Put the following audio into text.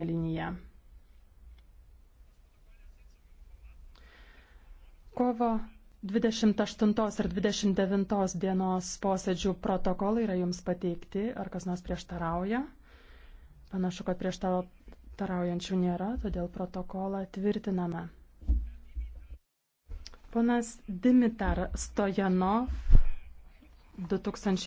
linija. Kovo 28 ir 29 dienos posėdžių protokolai yra jums pateikti, ar kas nors prieštarauja. Panašu, kad prieštaraujančių nėra, todėl protokolą tvirtiname. Ponas Dimitar Stojanov 2000.